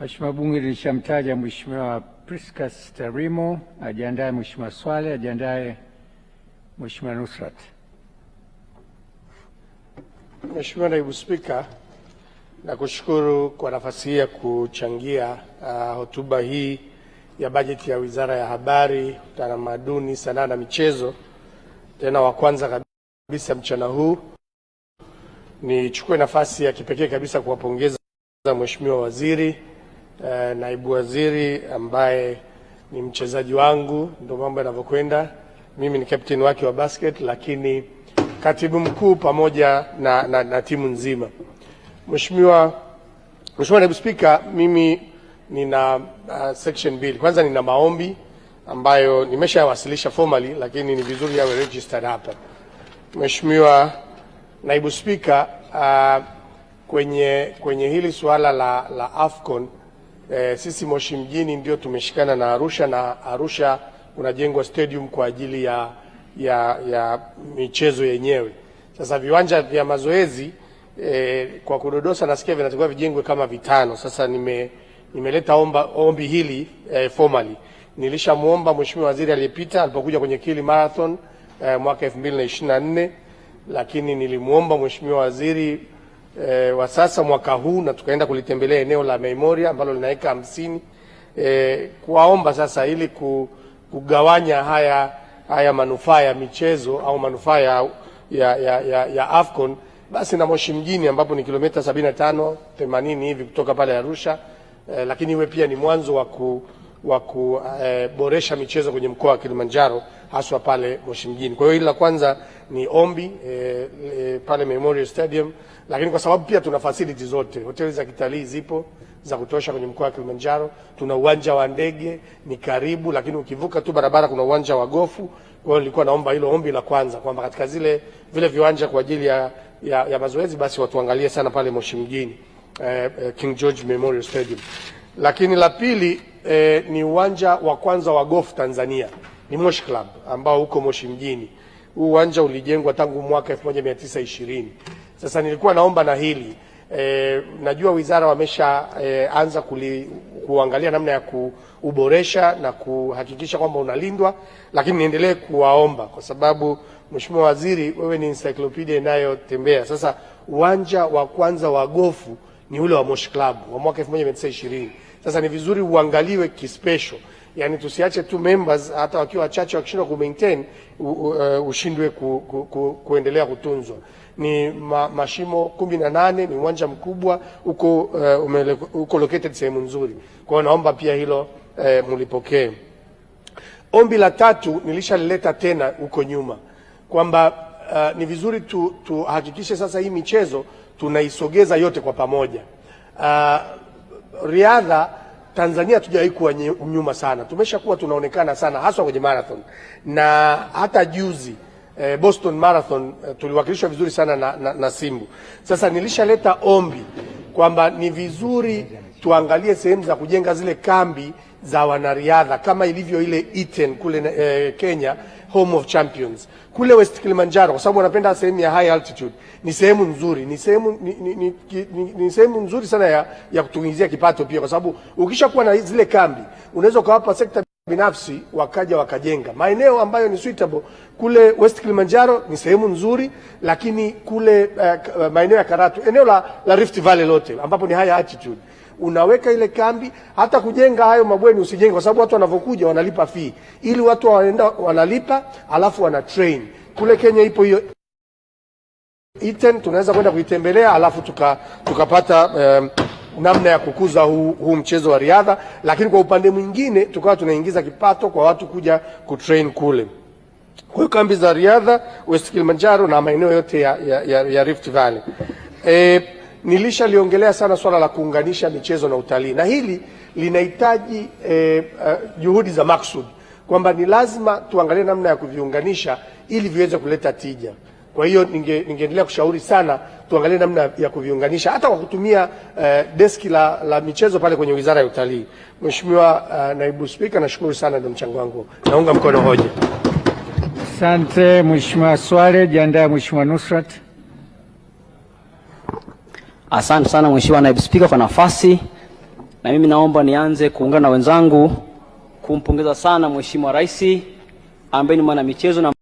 Mheshimiwa Bunge lilishamtaja Mheshimiwa Priscus Tarimo, ajiandae Mheshimiwa Swale, ajiandae Mheshimiwa Nusrat. Mheshimiwa Naibu Spika, nakushukuru kwa nafasi hii ya kuchangia uh, hotuba hii ya bajeti ya Wizara ya Habari, Utamaduni, Sanaa na Michezo, tena wa kwanza kabisa mchana huu. Nichukue nafasi ya kipekee kabisa kuwapongeza Mheshimiwa Waziri Eh, naibu waziri ambaye ni mchezaji wangu, ndio mambo yanavyokwenda. Mimi ni captain wake wa basket, lakini katibu mkuu pamoja na, na, na timu nzima. Mheshimiwa Mheshimiwa Naibu Spika, mimi nina uh, section mbili. Kwanza nina maombi ambayo nimeshawasilisha formally, lakini ni vizuri yawe registered hapa. Mheshimiwa Naibu Spika, uh, kwenye, kwenye hili suala la, la AFCON eh, sisi Moshi mjini ndio tumeshikana na Arusha na Arusha unajengwa stadium kwa ajili ya, ya, ya michezo yenyewe. Sasa viwanja vya mazoezi e, kwa kudodosa nasikia vinatakiwa vijengwe kama vitano. Sasa nime, nimeleta omba, ombi hili e, formally nilishamwomba Mheshimiwa Waziri aliyepita alipokuja kwenye Kili Marathon e, mwaka 2024 lakini nilimwomba Mheshimiwa Waziri e, wa sasa mwaka huu na tukaenda kulitembelea eneo la memoria ambalo lina eka hamsini e, kuwaomba sasa ili kugawanya haya haya manufaa ya michezo au manufaa ya, ya, ya, ya Afcon basi na Moshi mjini ambapo ni kilomita 75 80 hivi kutoka pale Arusha e, lakini iwe pia ni mwanzo wa kuboresha e, michezo kwenye mkoa wa Kilimanjaro haswa pale Moshi mjini. Kwa hiyo hili la kwanza ni ombi e, e, pale Memorial Stadium, lakini kwa sababu pia tuna facility zote, hoteli za kitalii zipo za kutosha kwenye mkoa wa Kilimanjaro, tuna uwanja wa ndege ni karibu, lakini ukivuka tu barabara kuna uwanja wa gofu. Kwa hiyo nilikuwa naomba hilo ombi la kwanza kwamba katika zile vile viwanja kwa ajili ya, ya, ya mazoezi basi watuangalie sana pale Moshi mjini eh, eh, King George Memorial Stadium. Lakini la pili eh, ni uwanja wa kwanza wa gofu Tanzania ni Moshi Club ambao huko Moshi mjini. Huu uwanja ulijengwa tangu mwaka 1920. Sasa nilikuwa naomba na hili e, najua wizara wamesha e, anza kuli, kuangalia namna ya kuuboresha na kuhakikisha kwamba unalindwa, lakini niendelee kuwaomba kwa sababu Mheshimiwa Waziri, wewe ni encyclopedia inayotembea. Sasa uwanja wa kwanza wa gofu ni ule wa Moshi Club wa mwaka 1920. Sasa ni vizuri uangaliwe kispesho yani tusiache tu members hata wakiwa wachache wakishindwa ku maintain eh, ushindwe ku, ku, ku, kuendelea kutunzwa. Ni ma, mashimo kumi na nane, ni uwanja mkubwa uko, uh, uko located sehemu nzuri. Kwa hiyo naomba pia hilo uh, eh, mlipokee. Ombi la tatu nilishalileta tena huko nyuma kwamba uh, ni vizuri tuhakikishe tu, sasa hii michezo tunaisogeza yote kwa pamoja uh, riadha Tanzania hatujawahi kuwa nyuma sana, tumeshakuwa tunaonekana sana haswa kwenye marathon na hata juzi eh, Boston Marathon eh, tuliwakilishwa vizuri sana na, na, na Simbu. Sasa nilishaleta ombi kwamba ni vizuri tuangalie sehemu za kujenga zile kambi za wanariadha kama ilivyo ile Iten kule eh, Kenya home of champions kule West Kilimanjaro, kwa sababu wanapenda sehemu ya high altitude. Ni sehemu nzuri, ni sehemu ni, ni, ni, ni, ni sehemu nzuri sana ya, ya kutuingizia kipato pia, kwa sababu ukishakuwa na zile kambi unaweza ukawapa sekta binafsi wakaja wakajenga maeneo ambayo ni suitable. Kule West Kilimanjaro ni sehemu nzuri, lakini kule uh, maeneo ya Karatu, eneo la, la Rift Valley lote ambapo ni high altitude unaweka ile kambi, hata kujenga hayo mabweni usijenge, kwa sababu watu wanavyokuja wanalipa fee, ili watu waenda wanalipa, alafu wana train kule. Kenya ipo hiyo Iten, tunaweza kwenda kuitembelea, alafu tukapata tuka um, namna ya kukuza huu, hu mchezo wa riadha, lakini kwa upande mwingine tukawa tunaingiza kipato kwa watu kuja kutrain kule. Kwa hiyo kambi za riadha West Kilimanjaro na maeneo yote ya, ya, ya, ya Rift Valley e, Nilishaliongelea sana swala la kuunganisha michezo na utalii, na hili linahitaji eh, uh, juhudi za maksudi kwamba ni lazima tuangalie namna ya kuviunganisha ili viweze kuleta tija. Kwa hiyo ningeendelea ninge kushauri sana tuangalie namna ya kuviunganisha hata kwa kutumia uh, deski la, la michezo pale kwenye Wizara ya Utalii. Mheshimiwa uh, Naibu Spika, nashukuru sana, ndio mchango wangu, naunga mkono hoja. Asante Mheshimiwa Swale. Jiandae Mheshimiwa Nusrat. Asante sana Mheshimiwa Naibu Spika kwa nafasi, na mimi naomba nianze kuungana na wenzangu kumpongeza sana Mheshimiwa Rais ambaye ni michezo na